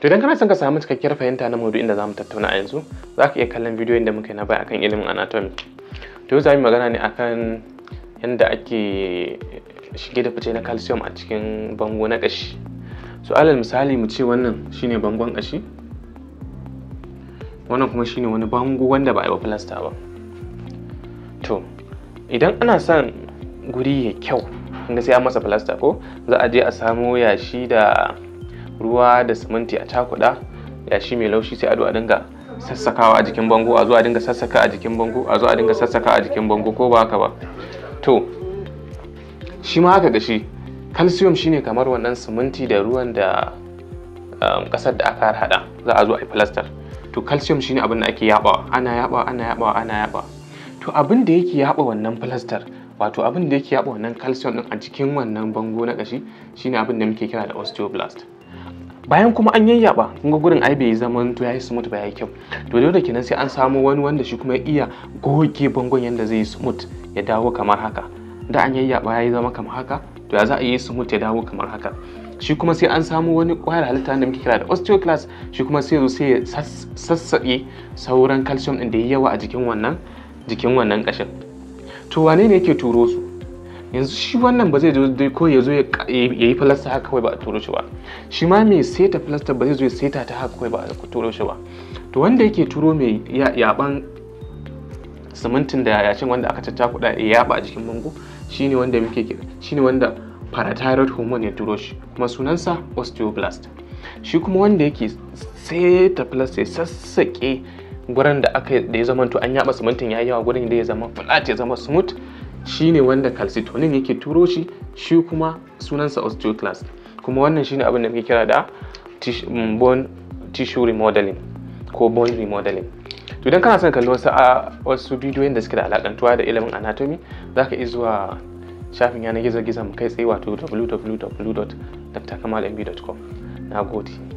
To idan kana son ka samu cikakkiyar fahimta na maudu'in da zamu tattauna a yanzu, za ka iya kallon bidiyon da muka yi na baya akan ilimin anatomy. To yau za mu magana ne akan yadda ake shige da fice na calcium a cikin bango na ƙashi. So alal misali mu ce wannan shine bangon ƙashi, wannan kuma shine wani bango wanda ba a yi wa filasta ba. To idan ana son guri ya kyau, inda sai an masa filasta ko za a je a samo yashi da ruwa da siminti a cakuɗa yashi mai laushi sai a a dinga sassakawa a jikin bango a zo a dinga sassaka a jikin bango a zo a dinga sassaka a jikin bango ko ba haka ba to shi ma haka gashi calcium shine kamar wannan siminti da ruwan da kasar um, da aka hada za a zo a yi plaster to calcium shine abin da ake yabawa ana yabawa ana yabawa ana yabawa to abin da yake yaba wannan plaster wato abin da yake yaba wannan calcium din a cikin wannan bango na kashi shine abin da muke kira da osteoblast bayan kuma an yayyaba kun ga gurin ai bai zaman to yayi smooth ba yayi kyau to dole kenan sai an samu wani wanda shi kuma ya iya goge bangon yanda zai yi smooth ya dawo kamar haka da an yayyaba yayi zama kamar haka to ya za a yi smooth ya dawo kamar haka shi kuma sai an samu wani kwayar halitta da muke kira da osteoclast shi kuma sai zo sai ya sassaƙe sauran calcium din da yayi yawa a jikin wannan jikin wannan kashin to wane ne yake turo su yanzu shi wannan ba zai zo dai ko ya zo ya yi filasta haka kawai ba a turo shi ba shi ma mai seta filasta ba zai zo ya seta ta haka kawai ba a turo shi ba to wanda yake turo mai yaban simintin da cin wanda aka cacakuɗa ya yaba a jikin bango shine wanda muke kira shine wanda parathyroid hormone ya turo shi kuma sunansa osteoblast shi kuma wanda yake seta filasta ya sassaƙe gurin da aka da ya zama to an yaba simintin ya yi yawa gurin da ya zama flat ya zama smooth shine wanda calcitonin yake turo shi shi kuma sunansa osteoclast kuma wannan shine abin da muke kira da mm, bone tissue remodeling ko bone remodeling to idan kana son kalli wasu a wasu bidiyoyin da suke da alakantuwa da ilimin anatomy zaka iya zuwa shafin yanar gizo gizo mu kai tsaye wato www.drkamalmb.com na gode